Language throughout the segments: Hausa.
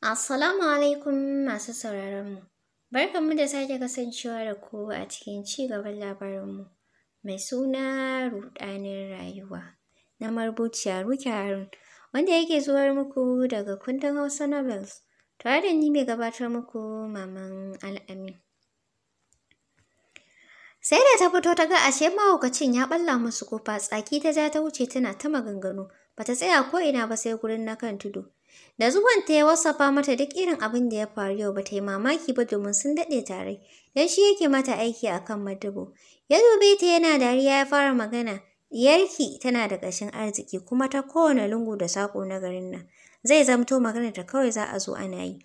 Assalamu alaikum masu sauraronmu. Barkanmu da sake kasancewa da ku a cikin ci gaban labarinmu mai suna rudanin rayuwa na marubuciya Ruki Harun wanda yake zuwa muku daga kundin Hausa Novels tare da ni mai gabatar muku Maman Al'amin. Sai da ta fito ta ga ashe mahaukacin ya balla musu kofa tsaki ta ja ta wuce tana ta maganganu bata tsaya ko ina ba sai gurin na kan tudu. Da zuwan ta ya wasafa mata duk irin abin da ya faru yau ba ta yi mamaki ba domin sun daɗe tare, don shi yake mata aiki a kan madubo. Ya dube ta yana dariya ya fara magana, diyarki tana da ƙashin arziki kuma ta kowane lungu da saƙo na garin nan. Zai zamto maganar ta kawai za a zo ana yi.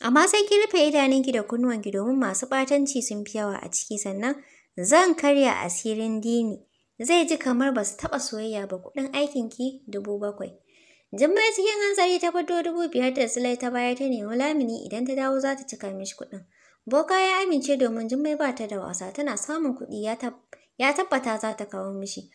Amma sai ki rufe idanunki da kunnuwanki domin masu ɓatanci sun fi yawa a ciki sannan zan karya asirin dini. Zai ji kamar ba su taɓa soyayya ba kuɗin aikinki dubu bakwai. Jummai cikin hanzari ta fito dubu biyar da silai ta baya ta nemi lamini idan ta dawo za ta cika mishi kuɗin. Boka ya amince domin Jummai ba ta da wasa tana samun kuɗi ya tabbata za ta kawo mishi.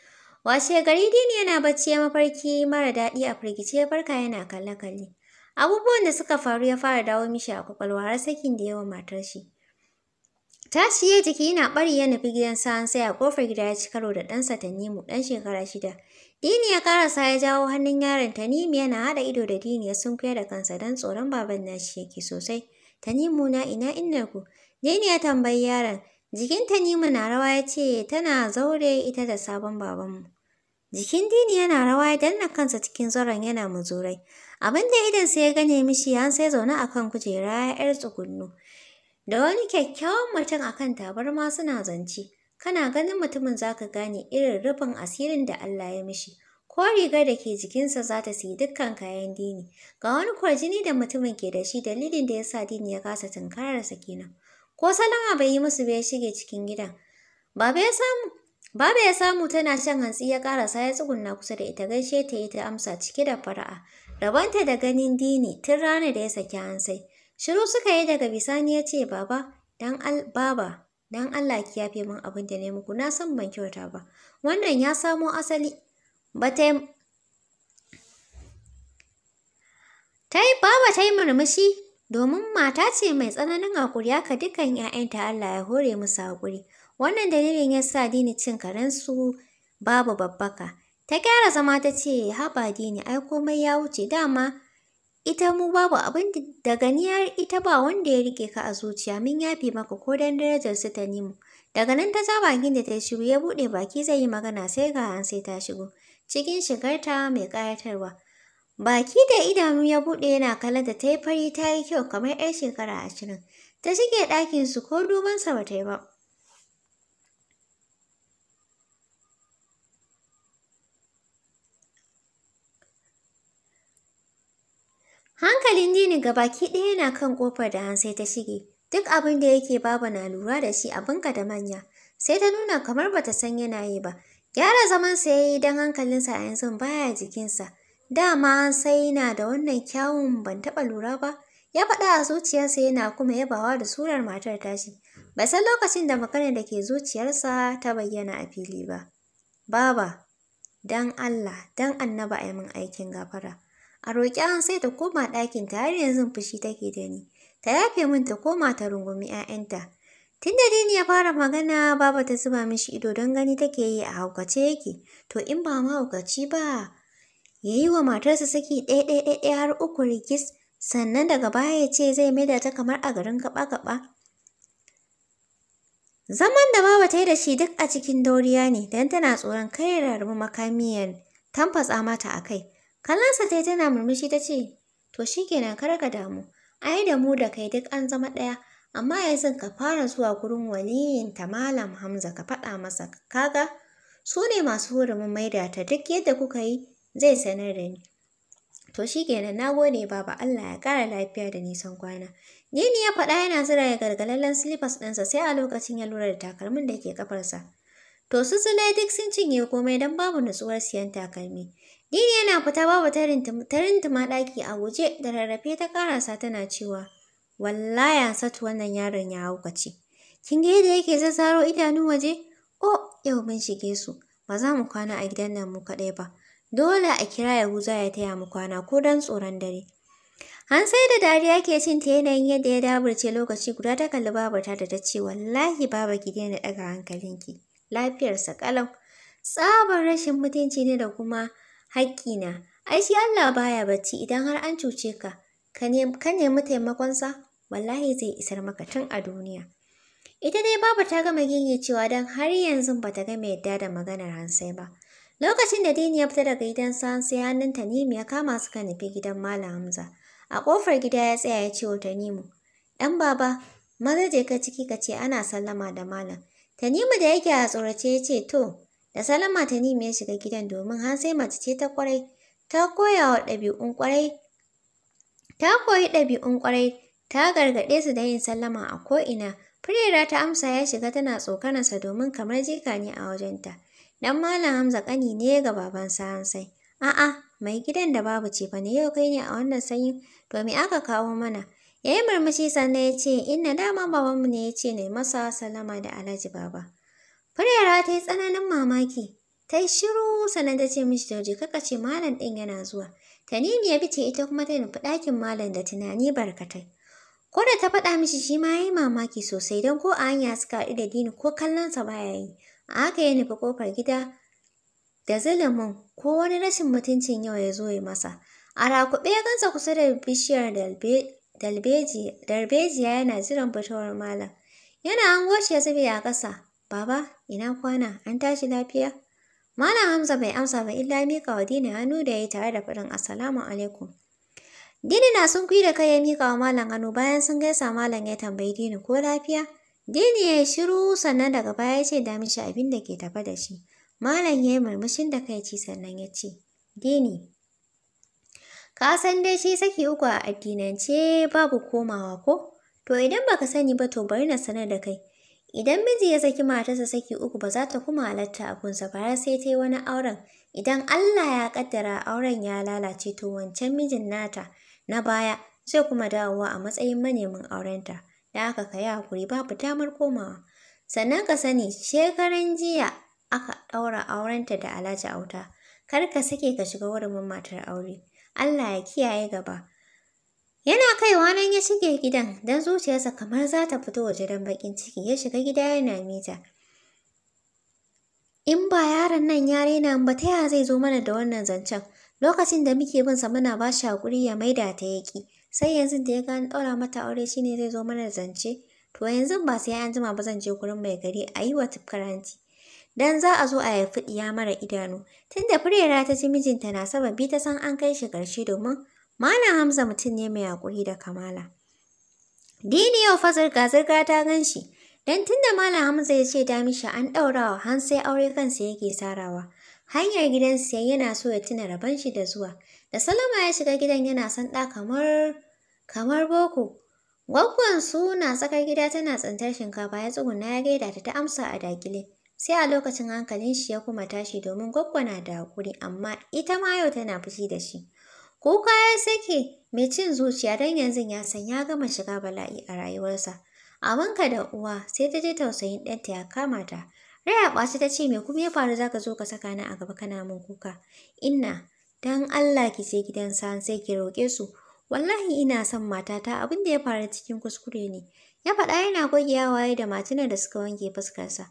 Washe gari dini yana bacci ya mafarki mara daɗi a firgice ya farka yana kalle-kalle. Abubuwan da suka faru ya fara dawo mishi a kwakwalwa har sakin da yawa matar shi. Tashi ya jiki yana bari ya nufi gidan sa'an sai a kofar gida ya ci karo da ɗansa Tanimu ɗan shekara shida. Dini ya karasa ya jawo hannun yaron Tanimu yana haɗa ido da Dini ya sunkuya da kansa don tsoron baban nashi yake sosai. Tanimu na ina innaku? ku? Dini ya tambayi yaron. Jikin Tanimu na rawa ya ce tana zaure ita da sabon babanmu. Jikin Dini yana rawa ya danna kansa cikin zoron yana muzurai. Abin da idonsa ya gane mishi ya sai zaune a kan kujera ya ‘yar tsugunnu. Da wani kyakkyawan mutum a kan tabarma suna zance. Kana ganin mutumin za ka gane irin rufin asirin da Allah ya mishi. Ko rigar da ke jikinsa za ta siyi dukkan kayan dini. Ga wani kwarjini da mutumin ke da shi dalilin da ya sa dini ya kasa tunkararsa kenan. Ko salama bai yi musu bai shige cikin gidan. Baba ya samu ya samu tana shan hantsi ya karasa ya tsugunna kusa da ita gaishe ta yi ta amsa cike da fara'a. Rabanta da ganin dini tun ranar da ya saki hansai. Shiru suka yi daga bisani ya ce baba, dan al baba. Dan Allah ki yafe min abin da ne muku, na san ban kyauta ba. Wannan ya samo asali. Ba ta Ta baba ta yi murmushi domin mata ce mai tsananin haƙuri haka dukkan 'ya'yanta Allah ya hore musu haƙuri. Wannan dalilin ya sa dini cin karensu babu babbaka. Ta gyara zama ta ce haba dini ai komai ya wuce dama ita mu babu abin da ganiyar ita ba wanda ya rike ka a zuciya mun yafe maka ko dan darajar su ta nimu daga nan ta zaba bakin da ta shigo ya buɗe baki zai yi magana sai ga an sai ta shigo cikin shigarta mai ƙayatarwa baki da idanu ya buɗe yana kallon da ta yi fari ta yi kyau kamar 'yar shekara ashirin ta shige ɗakin su ko duban sa ta yi ba Hankalin dini baki ɗaya na kan ƙofar da sai ta shige. Duk abin da yake babu na lura da shi abinka da manya. Sai ta nuna kamar bata san yana yi ba. Gyara zaman ya yi don hankalinsa a yanzu baya jikinsa. Dama sai yana da wannan kyawun ban taɓa lura ba. Ya faɗa a zuciyarsa yana kuma yabawa da surar matar tashi. ba san lokacin da maganar da ke zuciyarsa ta bayyana a fili ba. Baba, don Allah, don annaba a yi min aikin gafara. A roƙi an sai ta koma ɗakin ta har yanzu fushi take da ni. Ta yafe min ta koma ta rungumi 'ya'yanta. Tun da Dini ya fara magana baba ta zuba mishi ido don gani take yi a haukace yake. To in ba ma haukaci ba ya yi wa matarsa saki ɗaya ɗaya ɗaya har uku rigis sannan daga baya ya ce zai maida ta kamar a garin gaba-gaba. Zaman da baba ta yi da shi duk a cikin dauriya ne don tana tsoron kai ya rarrabu makamiyar tanfasa mata a kai. Kallonsa ta tana murmushi ta ce, To shi kenan kar ka damu, ai da mu da kai duk an zama ɗaya, amma yanzu ka fara zuwa gurin waliyin ta Malam Hamza ka faɗa masa kaga su ne masu hurumin maida ta duk yadda kuka yi zai sanar da ni. To shi kenan na gode baba Allah ya ƙara lafiya da nisan kwana. ne ya faɗa yana zira ya gargalallen silifas ɗinsa sai a lokacin ya lura da takalmin da ke kafarsa. To su duk sun cinye komai don babu nutsuwar siyan takalmi. Dini yana fita babu ta rintuma daki a guje da rarrafe ta karasa tana cewa, Wallaya satu wannan yaron ya ce? Kin ga yadda yake zazzaro idanu waje? Oh, yau mun shige su. Ba za mu kwana a gidan nan mu kaɗai ba. Dole a kira Yahuza ya taya mu kwana ko don tsoron dare. An sai da dariya ke cin ta yanayin yadda ya daburce lokaci guda ta kalli babarta da ta ce wallahi baba ki daina ɗaga hankalinki. Lafiyarsa ƙalau. Tsabar rashin mutunci ne da kuma haƙƙina. Ai shi Allah baya bacci idan har an cuce ka, ka nemi taimakonsa, wallahi zai isar maka tun a duniya. Ita dai babu ta gama cewa don har yanzu ba ta gama yadda da maganar Hansai ba. Lokacin da Dini ya fita daga gidan sa sai ta Tanimu ya kama suka nufi gidan Malam Hamza. A kofar gida ya tsaya ya ce wa Tanimu, ‘Ɗan baba, maza ka ciki ka ce ana sallama da Malam. Tanimu da yake a tsorace ya ce, To, Da salama ta nemi ya shiga gidan domin sai mace ce ta kwarai, ta koya wa ɗabi'un kwarai, ta koyi ɗabi'un kwarai, ta gargaɗe su da yin sallama a ko'ina. Firera ta amsa ya shiga tana tsokanarsa domin kamar jika ne a wajenta. Dan Malam Hamza ƙani ne ga babansa Hansai. A'a, mai gidan da babu ce fa ne yau kai ne a wannan sanyi? Domin aka kawo mana? Ya yi murmushi sannan ya ce, Inna dama babanmu ne ya ce ne masa sallama da Alhaji Baba. Farera ta yi tsananin mamaki, ta yi shiru sannan ta ce mishi da kaka ce malam ɗin yana zuwa. Tanimu ya ce ita kuma ta nufi ɗakin malam da tunani barkatai. Ko da ta faɗa mishi shi ma ya yi mamaki sosai don ko a hanya suka haɗu da dini ko kallonsa baya yi. A haka ya nufi ƙofar gida da zulumin ko wani rashin mutuncin yau ya zo ya masa. A rakuɓe ya gansa kusa da bishiyar darbejiya yana jiran fitowar malam. Yana hango shi ya zube a ƙasa. Baba, ina kwana, an tashi lafiya? Malam Hamza bai amsa ba illa miƙa wa dini hannu da ya yi tare da faɗin asalamu alaikum. Dini na sun da kai ya miƙa wa Malam hannu bayan sun gaisa Malam ya tambayi Dini ko lafiya. Dini ya yi shiru sannan daga baya ya ce da mishi abin da ke tafa da shi. Malam ya yi murmushin da kai ci sannan ya ce, Dini, ka san dai shi saki uku a addinance babu komawa ko? To idan baka sani ba to bari na sanar da kai. Idan miji ya saki matarsa saki uku ba za ta kuma halatta a kunsa ba har sai ta yi wani auren. Idan Allah ya kaddara auren ya lalace to wancan mijin nata na baya zai kuma dawowa a matsayin manemin aurenta. Da aka ka yi hakuri babu damar komawa. Sannan ka sani shekaran jiya aka ɗaura aurenta da Alhaji Auta. Kar ka sake ka shiga wurin matar aure. Allah ya kiyaye gaba. Yana kaiwa nan ya shige gidan don zuciyarsa kamar za ta fito waje don bakin ciki ya shiga gida yana mita. In ba yaron nan ya raina ba ta yaya zai zo mana da wannan zancen lokacin da muke bin sa muna ba shi hakuri ya maida ta yaki sai yanzu da ya gani ɗaura mata aure shine zai zo mana da zance to yanzu ba sai an jima ba zan je gurin mai gari a yi wa karanti. Dan za a zo a haifi ɗiya mara idanu tunda firera ta ji mijinta na sababi ta san an kai shi ƙarshe domin Malam Hamza mutum ne mai haƙuri da kamala. Dini yau fa zirga-zirga ta gan shi, don tun da Malam Hamza ya ce ta shi an ɗaurawa har sai aure kansa yake sarawa. Hanyar gidan sai yana so ya tuna rabon shi da zuwa. Da Salama ya shiga gidan yana son ɗa kamar kamar boko. Gwaggon su na tsakar gida tana tsantar shinkafa ya tsuguna ya gaida ta ta amsa a dakile. Sai a lokacin hankalin shi ya kuma tashi domin gwaggo na da hakuri amma ita ma yau tana fushi da shi. Kuka ya sake mai cin zuciya don yanzu ya san ya gama shiga bala'i a rayuwarsa. A wanka da uwa sai ta je tausayin ɗanta ya kama ta. Raya ɓaci ta ce me kuma ya faru zaka zo ka saka ni a gaba kana min kuka. Inna dan Allah ki je gidan san sai ki roƙe su. Wallahi ina son matata abin da ya faru cikin kuskure ne. Ya faɗa yana goge waye da matunan da suka wanke fuskarsa.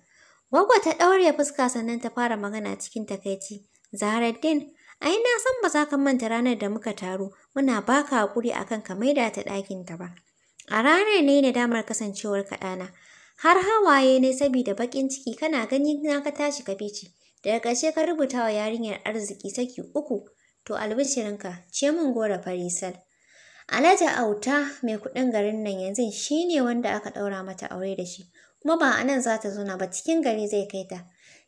Gwaggo ta ɗaure fuska sannan ta fara magana cikin takaici. Zaharaddin Ai na san ba za ka manta ranar da muka taru muna baka hakuri akan ka maida ta ɗakin ta ba. A ranar ne na damar kasancewar ka ɗana. Har hawaye ne saboda baƙin ciki kana gani na ka tashi ka fice. Daga ƙarshe ka rubuta wa yarinyar arziki saki uku. To albishirinka, ce mun gora farisal. Alhaji Auta mai kuɗin garin nan yanzu shine wanda aka ɗaura mata aure da shi, kuma ba anan zata za ta zauna ba cikin gari zai kai ta.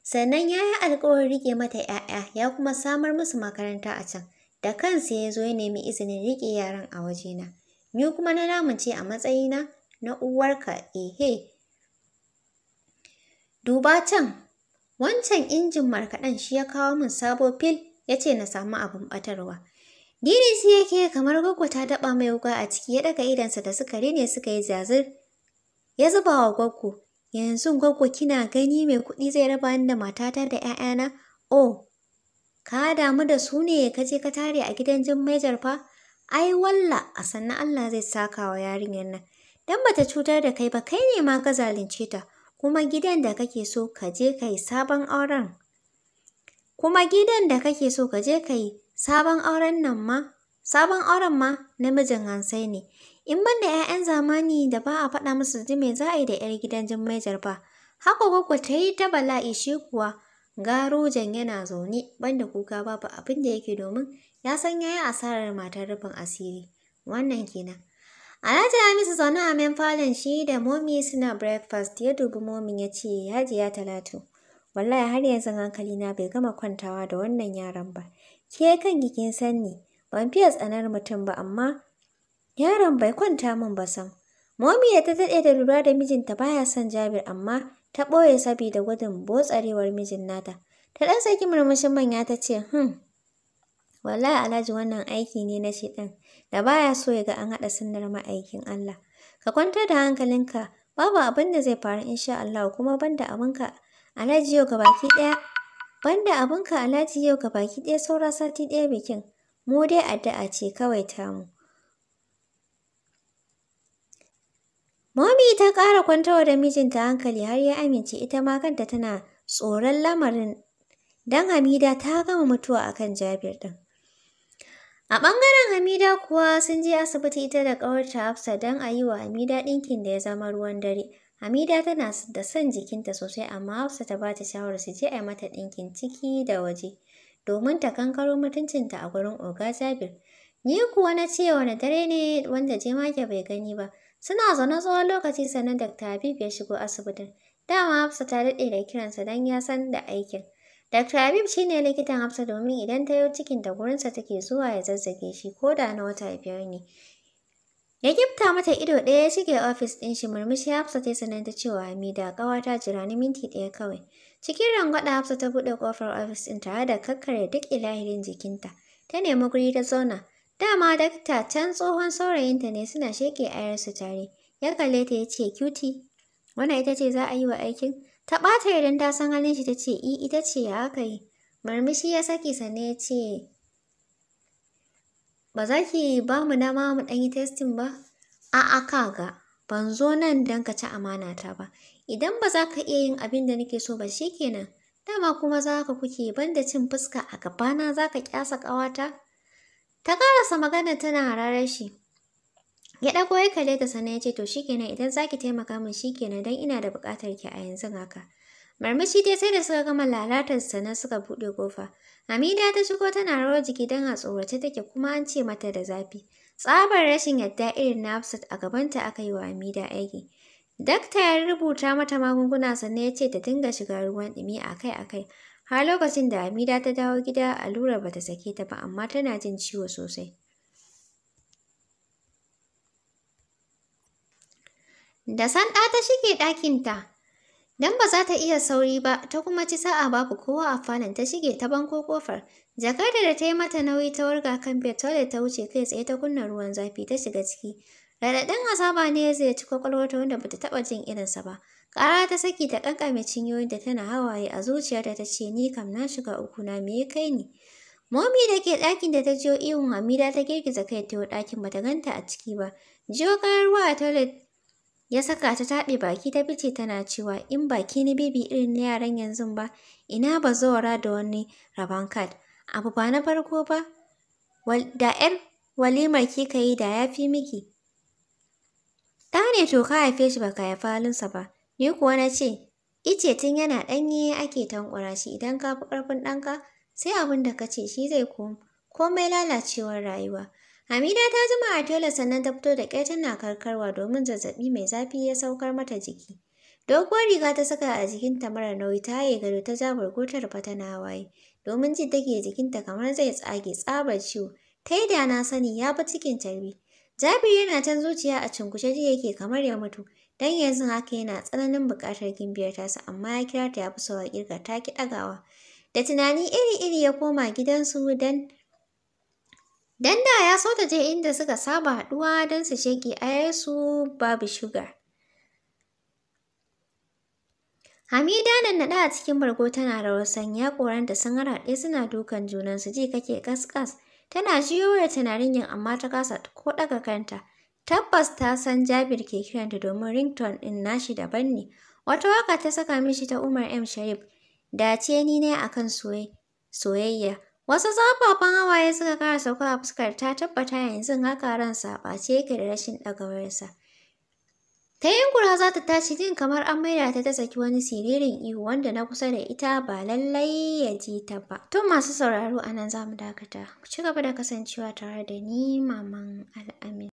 sannan ya yi alkawarin riƙe mata ‘ya'ya ya kuma samar musu makaranta a can da kansa ya zo ya nemi izinin rike yaran a wajena ni kuma na namance a matsayina na uwarka ehe duba can wancan injin markaɗan shi ya kawo min sabo fil ya ce na samu abin ɓatarwa DDC yake kamar gwaggo ta daɓa mai wuka a ciki ya ɗaga idansa da suka rine suka yi zazir ya zuba wa gwaggo Yanzu gwaggo kina gani mai kuɗi zai raba ni da matata da ‘ya'yana? Oh, ka damu da su ne ka je ka tare a gidan Jummai Jarfa? Ai walla a sannan Allah zai saka wa yarinyar nan. Dan bata cutar da kai ba kai ne ma ka zalunce ta. Kuma gidan da kake so ka je ka yi sabon auren. Kuma gidan da kake so ka je ka yi sabon auren nan ma, sabon auren ma namijin hansai ne. In ban da 'ya'yan zamani da ba a faɗa musu ji me za a yi da 'yar gidan Jummai Jarba. Haka gwaggo ta yi ta bala'i shi kuwa garujan yana zaune banda kuka babu abin da yake domin ya san ya yi asarar matar rufin asiri. Wannan kenan. Alhaji Hamisu zaune a main falon shi da momi suna breakfast ya dubi momin ya ce hajiya talatu. Wallahi har yanzu hankali na bai gama kwantawa da wannan yaran ba. Ke kan kin san ban fiye tsanar mutum ba amma Yaron bai kwanta min ba sam. Momiya da ta daɗe da lura da mijinta baya son Jabir amma ta ɓoye saboda gudun botsarewar mijin nata. Ta ɗan saki murmushin manya ta ce, "Hm, wallahi Alhaji wannan aiki ne na shiɗin da baya so ya ga an haɗa sunnar ma'aikin Allah. Ka kwantar da hankalinka, babu abin da zai faru insha Allah kuma banda abinka Alhaji yau gabaki ɗaya. Banda abinka Alhaji yau gabaki ɗaya saura sati ɗaya bikin. Mu dai addu'a ce kawai tamu. Mami ta ƙara kwantawa da mijinta hankali har ya amince ita ma kanta tana tsoron lamarin don Hamida ta gama mutuwa a kan Jabir ɗin. A ɓangaren Hamida kuwa sun je asibiti ita da ƙawarta Hafsa don a yi wa Hamida ɗinkin da ya zama ruwan dare. Hamida tana da son jikinta sosai amma Hafsa ta ba ta shawarar su je a yi mata ɗinkin ciki da waje domin ta kankaro mutuncinta a gurin Oga Jabir. Ni kuwa na ce wani dare ne wanda jemage bai gani ba. Suna zaune tsawon lokaci sannan Dr. Habib ya shigo asibitin. Dama Hafsa ta daɗe da kiransa don ya san da aikin. Dr. Habib shi ne likitan Hafsa domin idan ta yi cikin da gurinsa take zuwa ya zazzage shi ko da na wata biyar ne. Ya gifta mata ido ɗaya ya shige ofis ɗin shi murmushi Hafsa ta sanar da cewa Hamida ƙawa ta jira ni minti ɗaya kawai. Cikin rangwada Hafsa ta buɗe ƙofar ofis ɗin tare da kakkare duk ilahirin jikinta. Ta nemi guri ta zauna. Dama dakta can tsohon saurayinta ne suna sheƙe ayarsu tare. Ya kalle ta ya ce, Cutie, wannan ita ce za a yi wa aikin? Ta ɓata idan ta san halin shi ta ce, I, ita ce ya aka yi. Marmishi ya saki sannan ya ce, Ba za ki ba mu dama mu ɗan yi testin ba? A'a kaga, ban zo nan don ka ci amana ta ba. Idan ba za ka iya yin abin da nake so ba shi kenan. Dama kuma za ka kuke banda cin fuska a gabana za ka ƙyasa ƙawata? Ta karasa magana tana harare shi. Ya ɗago ya kalle ta sannan ya ce, To kenan idan za ki taimaka min shi kenan don ina da buƙatar ki a yanzu haka. Marmashi dai sai da suka gama lalatar sannan suka buɗe ƙofa. Hamida ta shigo tana rawar jiki don a tsorace take kuma an ce mata da zafi. Tsabar rashin yadda irin na Hafsat a gabanta aka yi wa Hamida aiki. Dakta ya rubuta mata magunguna sannan ya ce ta dinga shiga ruwan ɗumi akai-akai. Har lokacin da amira ta dawo gida allurar bata sake ta ba amma tana jin ciwo sosai. Da sanda ta shige ɗakinta, don ba za ta iya sauri ba, ta kuma ci sa'a babu kowa a falon ta shige ta banko ƙofar. Jakarta da ta yi mata nauyi ta warga kan fetole ta wuce kai tsaye ta kunna ruwan zafi ta shiga ciki. Raɗaɗin azaba ne ya zai ci kwakwalwarta wanda bata taɓa jin irinsa ba. kara ta saki ta ƙanƙame da tana hawaye a zuciyarta ta ce ni kam na shiga uku na me ya kai ni. Momi da ke ɗakin da ta jiyo ihun Hamida ta girgiza kai ta ɗakin ba ta ganta a ciki ba. Jiyo karuwa ruwa a toilet ya saka ta taɓe baki ta fice tana cewa in baki ni bibi irin na yaran yanzu ba ina ba zawara da wani rabon kad. Abu ba na farko ba da ƴar walimar kika yi da ya fi miki. Ta ne to ka haife shi baka haifi halinsa ba. Ni kuwa na ce, ice tun yana ɗanye ake tankura shi idan ka fi ƙarfin ɗanka, sai abin da ka ce shi zai koma. Komai lalacewar rayuwa. Hamida ta zama a tela sannan ta fito da ƙyar tana karkarwa domin zazzaɓi mai zafi ya saukar mata jiki. Doguwar riga ta saka a jikinta mara nauyi ta haye gado ta ja burgutar fata na waye. Domin jin take jikinta kamar zai tsage tsabar ciwo. Ta yi da na sani ya fi cikin tarbi. Jabir yana can zuciya a cunkushe ji yake kamar ya mutu. dan yanzu haka yana tsananin buƙatar gimbiyar su amma ya kira ta ya fi sauran ƙirga ta ki ɗagawa. Da tunani iri-iri ya koma gidansu dan Dan da ya so ta je inda suka saba haɗuwa don su sheƙi ayarsu babu shuga. Hamida nan naɗa a cikin bargo tana da rawar ya koranta sun haɗe suna dukan junansu ji kake kaskas. Tana jiyo da tunanin yin amma ta kasa ko ɗaga kanta. Tabbas ta san Jabir ke kiranta domin rington ɗin nashi daban ne. Wata waka ta saka mishi ta Umar M. Sharif, dace ni ne a kan soyayya. Wasu zafafan hawaye suka kara sauka a fuskar ta tabbata yanzu haka ran a ɓace yake da rashin ɗagawarsa. Ta yin kura za ta tashi jin kamar an maida ta ta saki wani siririn ihu wanda na kusa da ita ba lallai ya ji ta ba. Tun masu sauraro a nan za mu dakata. Ku ci gaba da kasancewa tare da ni Maman Al'amin.